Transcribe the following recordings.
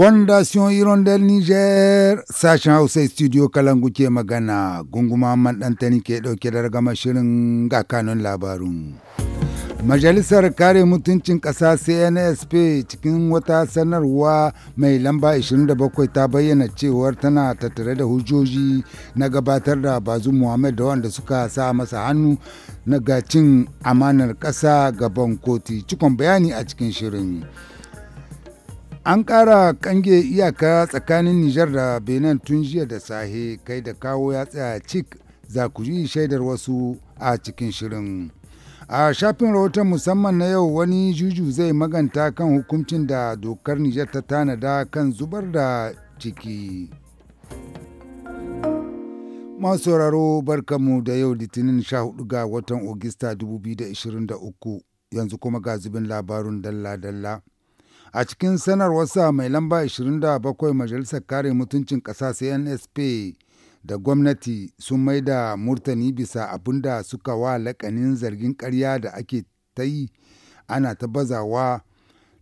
Fondation Hirondelle Niger sashen Hausa Studio Kalangu ke magana gunguma maɗantani ke ɗauke da ragama shirin ga kanun labarun. Majalisar Kare Mutuncin Ƙasa CNSP cikin wata sanarwa mai lamba 27 ta bayyana cewar tana tattare da hujjoji na gabatar da bazu Muhammad da wanda suka sa masa hannu na gacin amanar ƙasa gaban koti. Cikon bayani a cikin shirin. An ƙara kange iyaka tsakanin Nijar da Benin tun jiya da sahe kai da kawo ya tsaya cik za ku ji shaidar wasu a cikin shirin. A shafin rahoton musamman na yau wani juju zai maganta kan hukuncin da dokar Nijar ta tanada kan zubar da ciki. Masu sauraro barkamu da yau litinin 14 ga watan Ogista 2023 yanzu kuma ga zubin labarun dalla-dalla. a cikin sanarwarsa mai lamba 27 majalisar kare mutuncin ƙasa cnsp da gwamnati sun mai da murtani bisa abin da suka wa lakanin zargin karya da ake ta yi ana ta bazawa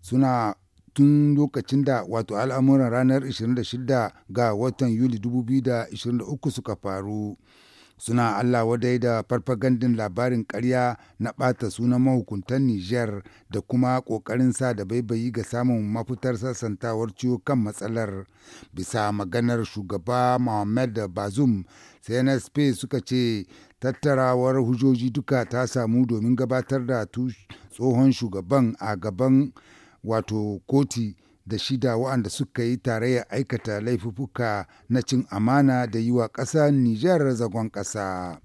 suna tun lokacin da wato al'amuran ranar 26 ga watan yuli 2023 suka faru suna Allah wadai da farfagandin labarin karya na ɓata sunan mahukuntan Nijar da kuma ƙoƙarin sa da baibayi ga samun mafitar sassantawar ciwo kan matsalar. Bisa maganar shugaba Mohamed Bazoum, CNSP suka ce tattarawar hujoji duka ta samu domin gabatar da tsohon shugaban a gaban wato koti. da shida waɗanda suka yi tarayyar aikata laifuka na cin amana da yi wa ƙasa Nijar zagon ƙasa.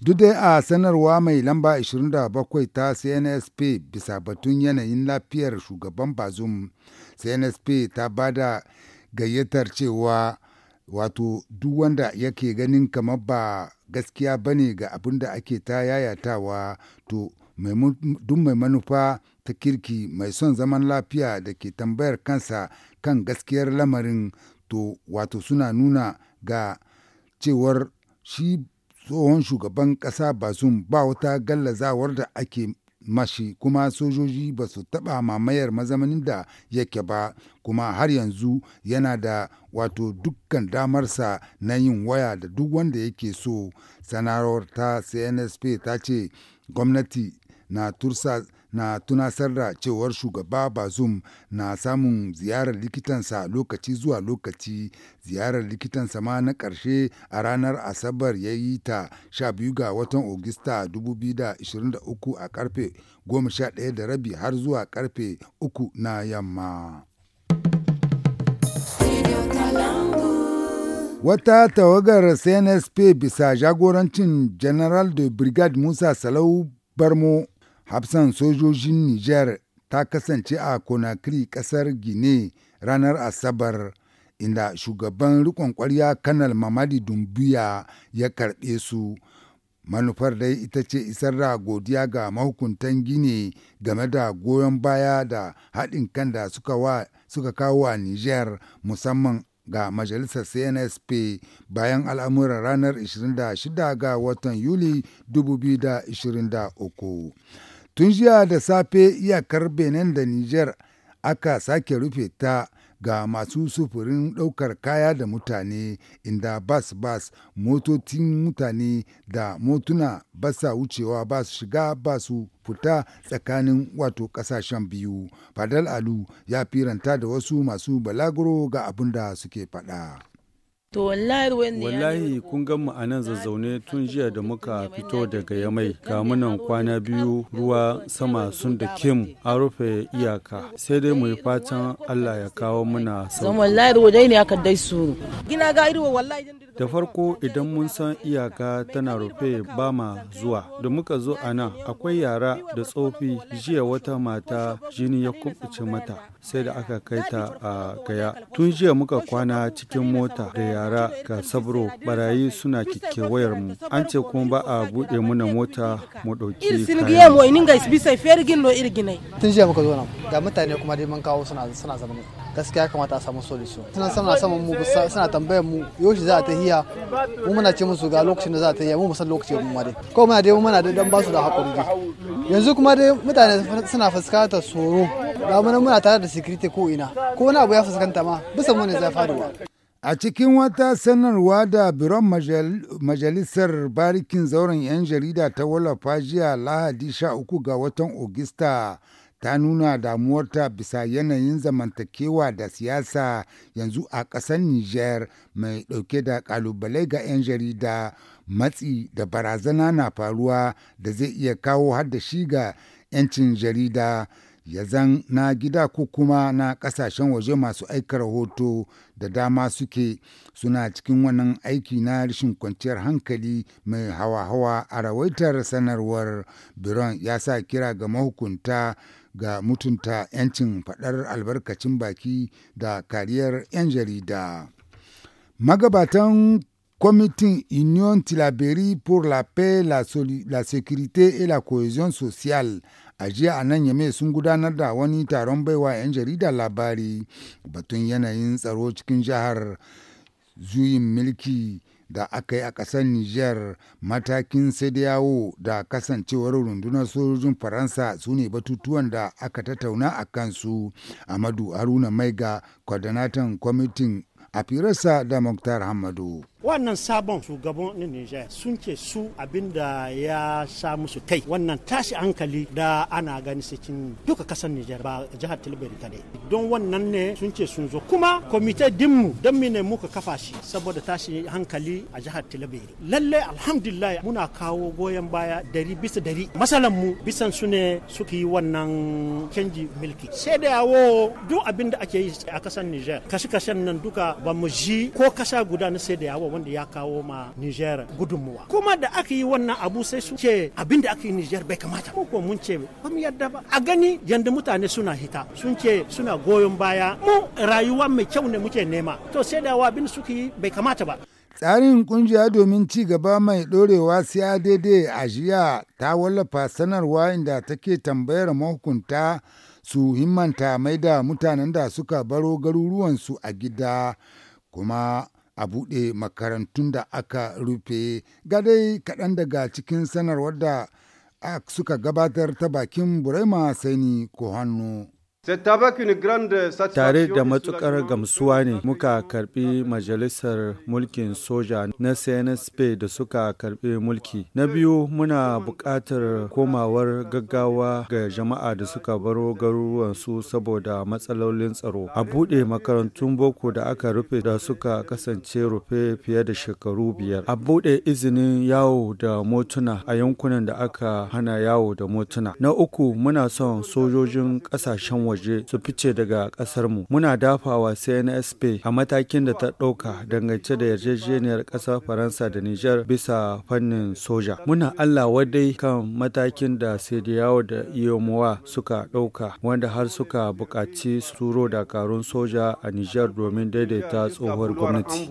Duk dai a sanarwa mai lamba 27 ta CNSP bisa batun yanayin lafiyar shugaban Bazum, CNSP ta ba da gayyatar cewa wato duk wanda yake ganin kamar ba gaskiya bane ga abin da ake ta yayatawa to duk mai manufa ta kirki mai son zaman lafiya da ke tambayar kansa kan gaskiyar lamarin to wato suna nuna ga cewar shi tsohon shugaban ƙasa bazum ba wata gallazawar da ake mashi kuma sojoji ba su taɓa mamayar mazamanin da yake ba kuma har yanzu yana da wato dukkan damarsa na yin waya da duk wanda yake so sanarwar ta cnsp ta ce gwamnati na tursa na tunasar da cewar shugaba bazum na samun ziyarar likitansa lokaci zuwa lokaci ziyarar likitansa ma na ƙarshe a ranar asabar ya yi ta 12 ga watan ogista 2023 a karfe 11 da rabi har zuwa karfe 3 na yamma Wata tawagar CNSP bisa jagorancin General de Brigade Musa Salau Barmo Hafsan sojojin Nijar ta kasance a Conakry ƙasar Gine ranar Asabar inda shugaban rikon kwarya Kanal Mamadi Dumbuya ya karɓe su. Manufar dai ita ce isar da godiya ga mahukuntan gini game da goyon baya da haɗin kan da suka, wa, suka kawo a Nijar musamman ga majalisar CNSP bayan al'amuran ranar 26 ga watan Yuli 2023. Tun jiya da safe iyakar Benin da niger aka sake rufe ta ga masu sufurin ɗaukar kaya da mutane inda bas-bas motocin mutane da motuna basa wucewa ba su shiga ba su fita tsakanin wato ƙasashen biyu. Fadal Alu ya firanta da wasu masu balaguro ga abin da suke fada. to wallahi ruwan wallahi kun ga mu anan zazzaune tun jiya da muka fito daga yamai ga munan kwana biyu ruwa sama sun da kim a rufe iyaka sai dai mu yi fatan Allah ya kawo muna sauki wallahi ruwa dai ne aka dai su gina ga iri wallahi da farko idan mun san iyaka tana rufe ba ma zuwa da muka zo a nan akwai yara da tsofi jiya wata mata jini ya kubuce mata sai da aka kai ta a gaya tun jiya muka kwana cikin mota da yara ga sabro barayi suna wayar mu an ce kuma ba a buɗe muna mota mu ɗauki kayan tun jiya muka zo nan ga mutane kuma dai mun kawo suna suna zama gaskiya kamata a samu solution suna suna saman mu suna tambayar mu yoshi za a ta hiya mu muna ce musu ga lokacin da za a ta hiya mu musan lokacin mu ma dai ko muna dai muna da dan basu da hakuri yanzu kuma dai mutane suna fuskantar tsoro ga muna muna tare da security ko ina ko wani abu ya fuskanta ma bisa mu ne zai faruwa A cikin wata sanarwa da Biron Majalisar Barikin Zauren 'Yan Jarida ta wallafa jiya Lahadi 13 ga watan Ogista, ta nuna damuwarta bisa yanayin zamantakewa da siyasa yanzu a ƙasar Nijar mai ɗauke da ƙalubalai ga 'yan jarida matsi da barazana na faruwa da zai iya kawo shi ga 'yancin jarida ya zan na gida ko kuma na ƙasashen waje masu aika rahoto da dama suke suna cikin wannan aiki na rashin kwanciyar hankali mai hawa-hawa a rawaitar sanarwar biron ya sa kira ga mahukunta ga mutunta 'yancin faɗar albarkacin baki da kariyar 'yan jarida. Magabatan kwamitin Union Tilaberi pour la paix, la, la sécurité et la cohésion sociale a jiya a nan yame sun gudanar da wani taron baiwa 'yan jarida labari batun yanayin tsaro cikin jihar zuyin milki da aka yi a ƙasar Nijar matakin sai da yawo da kasancewar rundunar sojojin Faransa su ne batutuwan da aka tattauna a kansu. Amadu Haruna mai Maiga, kwadanatan kwamitin a firarsa da Muktar Hamadu. wannan sabon shugaban na Nijar sun ce su abinda ya sa musu kai wannan tashi hankali da ana gani cikin duka kasar Nijar ba jihar Tilbury kadai don wannan ne sun ce sun zo kuma komite dinmu don mine muka kafa shi saboda tashi hankali a jihar Tilbury lalle alhamdulillah muna kawo goyon baya dari bisa dari masalan mu bisan su ne suka wannan canji milki sai da yawo duk abinda ake yi a kasar Nijar kashe-kashen nan duka ba mu ji ko kasa guda na sai da yawo wanda ya kawo ma Niger gudunmuwa kuma da aka yi wannan abu sai su ce abin da aka yi Niger bai kamata mu ko mun ce ba mu yadda ba a gani yanda mutane suna hita sun ce suna goyon baya mu rayuwa mai kyau ne muke nema to sai da abin suka yi bai kamata ba Tsarin kungiya domin ci gaba mai ɗorewa siya daidai a jiya ta wallafa sanarwa inda take tambayar mahukunta su himmanta mai da mutanen da suka baro garuruwansu a gida kuma a buɗe makarantun da aka rufe gadai kaɗan daga cikin sanarwar da suka gabatar ta bakin burema sani ko hannu. Tare da matukar gamsuwa ne muka karbi majalisar mulkin soja na CNSP da suka karbi mulki. Na biyu muna buƙatar komawar gaggawa ga jama'a da suka baro garuruwansu saboda matsalolin tsaro. A buɗe makarantun boko da aka rufe da suka kasance rufe fiye da shekaru biyar. A buɗe izinin yawo da motuna a yankunan da aka hana yawo da motuna. Na uku muna son sojojin ƙasashen waje. waje su fice daga ƙasarmu. Muna dafawa CNSP a matakin da ta ɗauka dangance da yarjejeniyar ƙasar Faransa da Nijar bisa fannin soja. Muna Allah wadai kan matakin da Sediyawa da Iyomuwa suka ɗauka wanda har suka buƙaci su turo dakarun soja a Nijar domin daidaita tsohuwar gwamnati.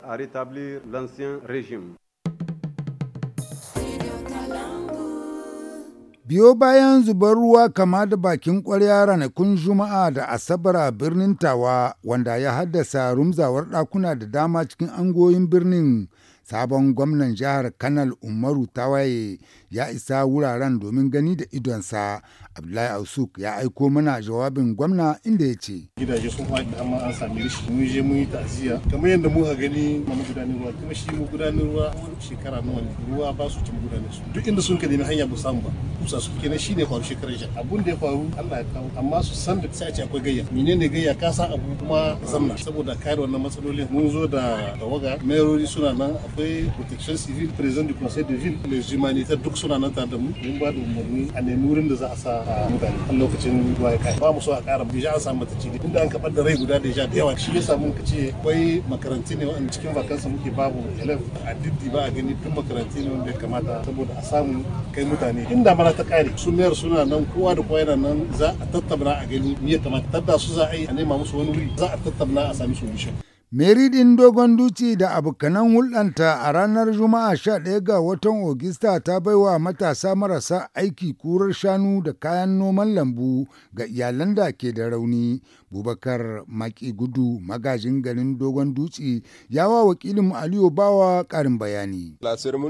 Biyo bayan zubar ruwa kama da bakin kwarya ranakun Juma'a da Asabar a birnin Tawa wanda ya haddasa rumzawar ɗakuna da dama cikin angoyin birnin sabon gwamnan jihar Kanal Umaru Tawaye ya isa wuraren domin gani da idonsa abdullahi ausuk ya aiko mana jawabin gwamna inda ya ce gidaje sun faɗi amma an sami rishi mun je mun yi ta'aziya kamar yadda muka gani mu gudanar ruwa kuma shi mu gudanar ruwa shekara nawa ne ruwa ba su cin gudanar su duk inda sun ka nemi hanya ba samu ba kusa su kenan shine faru shekarar jiya abun da ya faru Allah ya kawo amma su san da sai a ce akwai gayya menene gayya ka san abu kuma zamna saboda kare wannan matsalolin mun zo da tawaga mayorori suna nan akwai protection civil president du conseil de ville les humanitaires duk duk suna nan tare da mu mun ba da umarni a nemi wurin da za a sa mutane a lokacin ruwa ya kai ba mu so a kara deja an samu ta cili inda an kaɓar da rai guda deja da yawa shi yasa mun ka ce akwai makaranti ne wanda cikin vakansa muke babu elef a diddi ba a gani tun makaranti ne wanda ya kamata saboda a samu kai mutane inda mana ta kare su mayar suna nan kowa da kowa yana nan za a tattabna a gani me ya kamata tadda su za a yi a nema musu wani wuri za a tattabna a sami solution meridin dogon duci da abokanan hulɗanta a ranar Juma'a 11 ga watan Ogista ta baiwa matasa marasa aiki kurar shanu da kayan noman lambu ga iyalan da ke da rauni. Bubakar Maki Gudu magajin garin dogon duci ya wa wakilin Aliyu Bawa ƙarin bayani.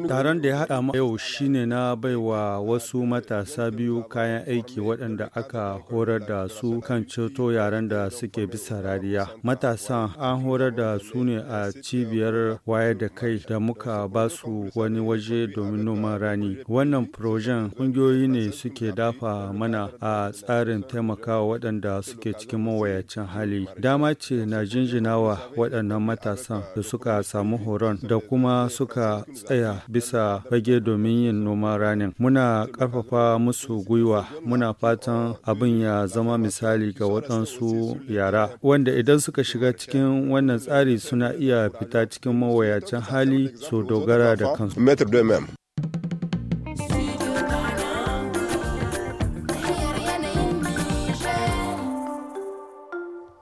Taron da ya haɗa ma yau shine na baiwa wasu matasa biyu kayan aiki waɗanda aka horar da su kan ceto yaran da suke bisa rariya. Matasan an horar da su ne a cibiyar wayar da kai da muka ba su wani waje domin noman rani. Wannan projen ƙungiyoyi ne suke dafa mana a tsarin taimakawa waɗanda suke cikin mawayacin hali. Dama ce na jinjinawa waɗannan matasan da suka samu horon da kuma suka tsaya bisa fage domin yin noman ranin. Muna ƙarfafa musu gwiwa, muna fatan abin ya zama misali ga waɗansu yara wanda idan suka shiga cikin wannan tsari suna iya fita cikin mawayacin hali su dogara da kansu.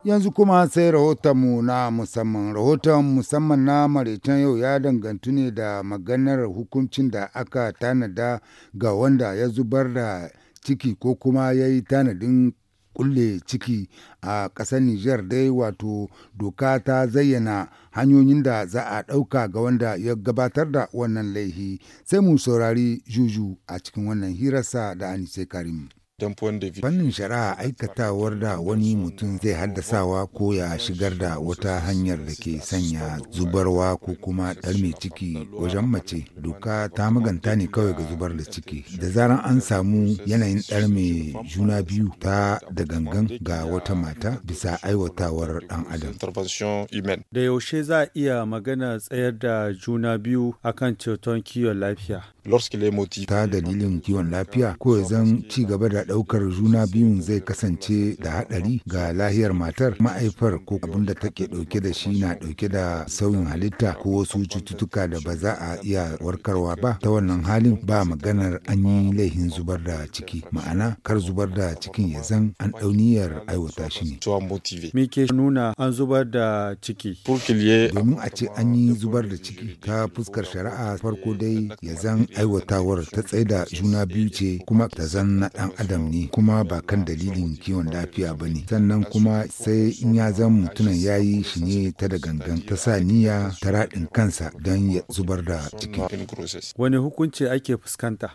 Yanzu kuma sai rahotonmu na musamman. Rahoton musamman na maraicen yau ya dangantu ne da maganar hukuncin da aka tanada ga wanda ya zubar da ciki ko kuma ya yi tanadin kulle ciki a ƙasar Nijar dai wato doka ta zayyana hanyoyin da za a ɗauka ga wanda ya gabatar da wannan laihi sai mu saurari juju a cikin wannan hirarsa da Anise Karim. Fannin shari'a aikatawar da wani mutum zai haddasawa ko ya shigar da wata hanyar da ke sanya zubarwa ko kuma ɗar mai ciki wajen mace doka ta maganta ne kawai ga zubar da ciki. Da zaran an samu yanayin ɗar mai juna biyu ta da gangan ga wata mata bisa aiwatawar ɗan adam. Da yaushe za a iya magana tsayar da juna biyu akan ceton kiwon lafiya. Ta dalilin kiwon lafiya ko ci gaba da ɗaukar juna biyun zai kasance da haɗari ga lahiyar matar ma'aifar ko abin da take ɗauke da shi na ɗauke da sauyin halitta ko wasu cututtuka da ba za a iya warkarwa ba ta wannan halin ba maganar an yi laihin zubar da ciki ma'ana kar zubar da cikin ya zan an ɗauniyar aiwata shi ne. ke nuna an zubar da ciki? Domin a ce an yi zubar da ciki ta fuskar shari'a farko dai ya zan aiwatawar ta tsaida juna biyu ce kuma ta zan na dan adam adam ne kuma ba kan dalilin kiwon lafiya ba ne sannan kuma sai in ya zan mutumin ya yi shi ne ta da gangan ta sa niyya ta raɗin kansa don ya zubar da cikin. Wani hukunci ake fuskanta?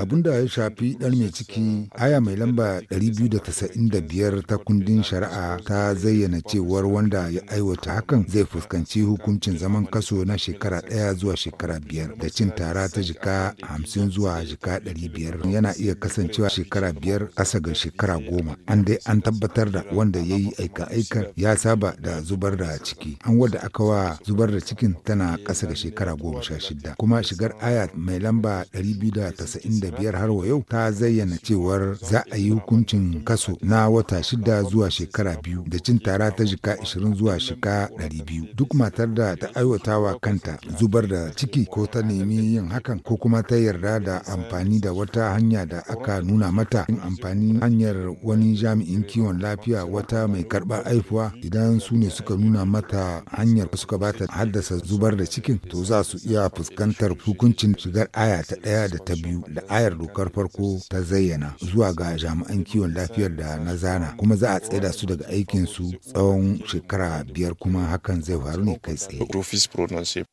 Abin da ya shafi ɗan mai ciki aya mai lamba 295 ta kundin shari'a ta zayyana cewar wanda ya aiwata hakan zai fuskanci hukuncin zaman kaso na shekara ɗaya zuwa shekara biyar da cin tara ta jika hamsin zuwa jika ɗari yana iya kasancewa shekara biyar asa ga shekara goma an dai an tabbatar da wanda ya yi aika aikar ya saba da zubar da ciki an wadda aka wa zubar da cikin tana ƙasa ga shekara goma sha shida kuma shigar aya mai lamba biyu da da tasa'in biyar har wa yau ta zayyana cewar za a yi hukuncin kaso na wata shida zuwa shekara biyu da cin tara ta jika ishirin zuwa shika biyu. duk matar da ta aiwatawa kanta zubar da ciki ko ta nemi yin hakan ko kuma ta yarda da amfani da wata hanya da aka nuna nuna mata yin amfani hanyar wani jami'in kiwon lafiya wata mai karɓar haihuwa idan su ne suka nuna mata hanyar suka ba ta haddasa zubar da cikin to za su iya fuskantar hukuncin shigar aya ta ɗaya da ta biyu da ayar dokar farko ta zayyana zuwa ga jami'an kiwon lafiyar da na zana kuma za a tsaida su daga aikin su tsawon shekara biyar kuma hakan zai faru ne kai tsaye.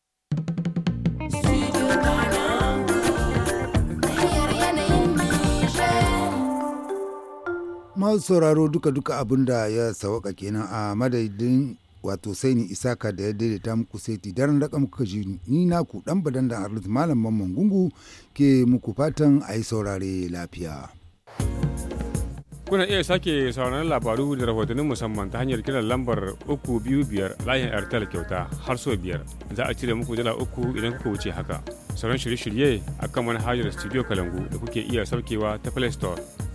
masu sauraro duka-duka abin da ya sauka kenan a madadin wato sai ni isaka da ya daidaita muku saiti daren raka muka ji ni na ku dan badan da arlit malam mamman gungu ke muku fatan a yi saurare lafiya. Kuna iya sake sauran labaru da rahotannin musamman ta hanyar kiran lambar 325 layin Airtel kyauta har so biyar. Za a cire muku dala uku idan kuka wuce haka. Sauran shirye-shirye a kan manhajar Studio Kalangu da kuke iya saukewa ta Play Store.